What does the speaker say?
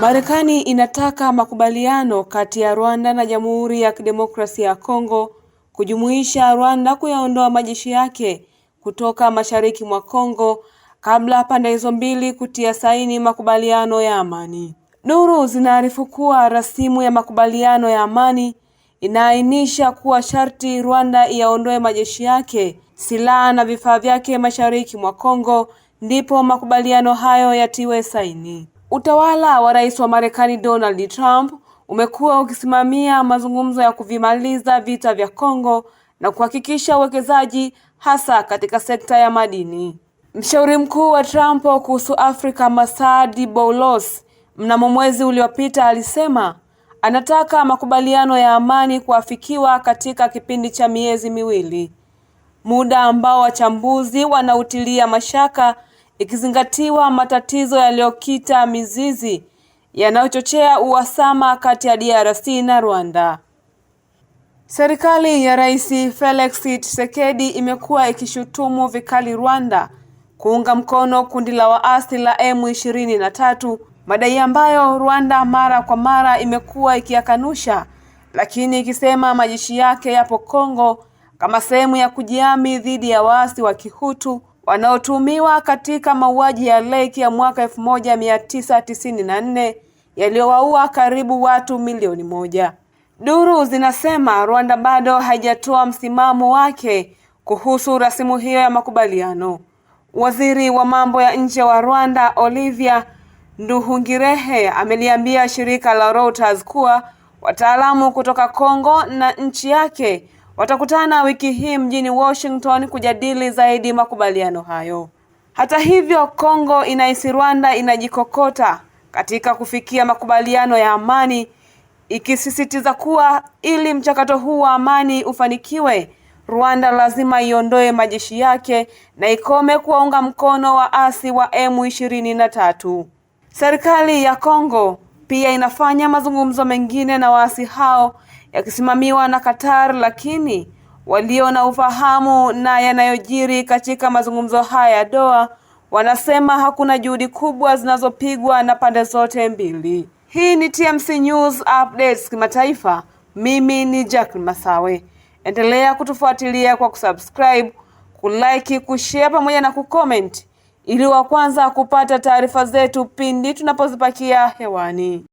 Marekani inataka makubaliano kati ya Rwanda na Jamhuri ya Kidemokrasia ya Kongo kujumuisha Rwanda kuyaondoa majeshi yake kutoka mashariki mwa Kongo kabla pande hizo mbili kutia saini makubaliano ya amani. Duru zinaarifu kuwa rasimu ya makubaliano ya amani inaainisha kuwa sharti Rwanda iyaondoe majeshi yake, silaha na vifaa vyake mashariki mwa Kongo ndipo makubaliano hayo yatiwe saini. Utawala wa Rais wa Marekani Donald Trump umekuwa ukisimamia mazungumzo ya kuvimaliza vita vya Kongo na kuhakikisha uwekezaji hasa katika sekta ya madini. Mshauri mkuu wa Trump kuhusu Afrika Masadi Boulos mnamo mwezi uliopita alisema anataka makubaliano ya amani kuafikiwa katika kipindi cha miezi miwili, muda ambao wachambuzi wanautilia mashaka ikizingatiwa matatizo yaliyokita mizizi yanayochochea uhasama kati ya DRC na Rwanda. Serikali ya Rais Felix Tshisekedi imekuwa ikishutumu vikali Rwanda kuunga mkono kundi la waasi la M ishirini na tatu madai ambayo Rwanda mara kwa mara imekuwa ikiyakanusha, lakini ikisema majeshi yake yapo Kongo kama sehemu ya kujiami dhidi ya waasi wa Kihutu wanaotumiwa katika mauaji ya Lake ya mwaka elfu moja mia tisa tisini na nne yaliyowaua karibu watu milioni moja. Duru zinasema Rwanda bado haijatoa msimamo wake kuhusu rasimu hiyo ya makubaliano. Waziri wa mambo ya nje wa Rwanda Olivia Nduhungirehe ameliambia shirika la Reuters kuwa wataalamu kutoka Kongo na nchi yake watakutana wiki hii mjini Washington kujadili zaidi makubaliano hayo. Hata hivyo, Kongo inahisi Rwanda inajikokota katika kufikia makubaliano ya amani, ikisisitiza kuwa ili mchakato huu wa amani ufanikiwe, Rwanda lazima iondoe majeshi yake na ikome kuwaunga mkono waasi wa M ishirini na tatu. Serikali ya Kongo pia inafanya mazungumzo mengine na waasi hao yakisimamiwa na Qatar, lakini walio na ufahamu na yanayojiri katika mazungumzo haya ya Doha wanasema hakuna juhudi kubwa zinazopigwa na pande zote mbili. Hii ni TMC News Updates kimataifa. Mimi ni Jacqueline Masawe. Endelea kutufuatilia kwa kusubscribe, kulike, kushare pamoja na kucomment ili wa kwanza kupata taarifa zetu pindi tunapozipakia hewani.